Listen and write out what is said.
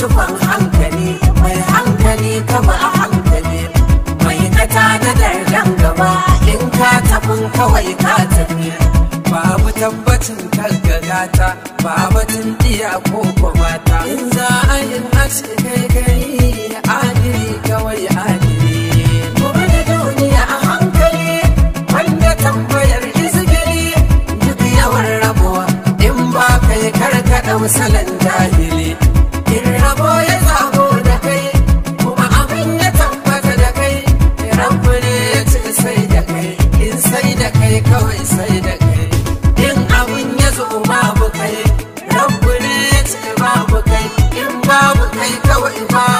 tufan hankali mai hankali kama a hankali mai kata da dardan gaba in ka tafin kawai ka tafi babu tabbacin kalgagata babatin iya ko kwamata in za a yin aski kai kai adiri kawai adiri gobe da duniya a hankali wanda tambayar izgiri duk yawan rabuwa in ba kai karkaɗa musalanta kawai ba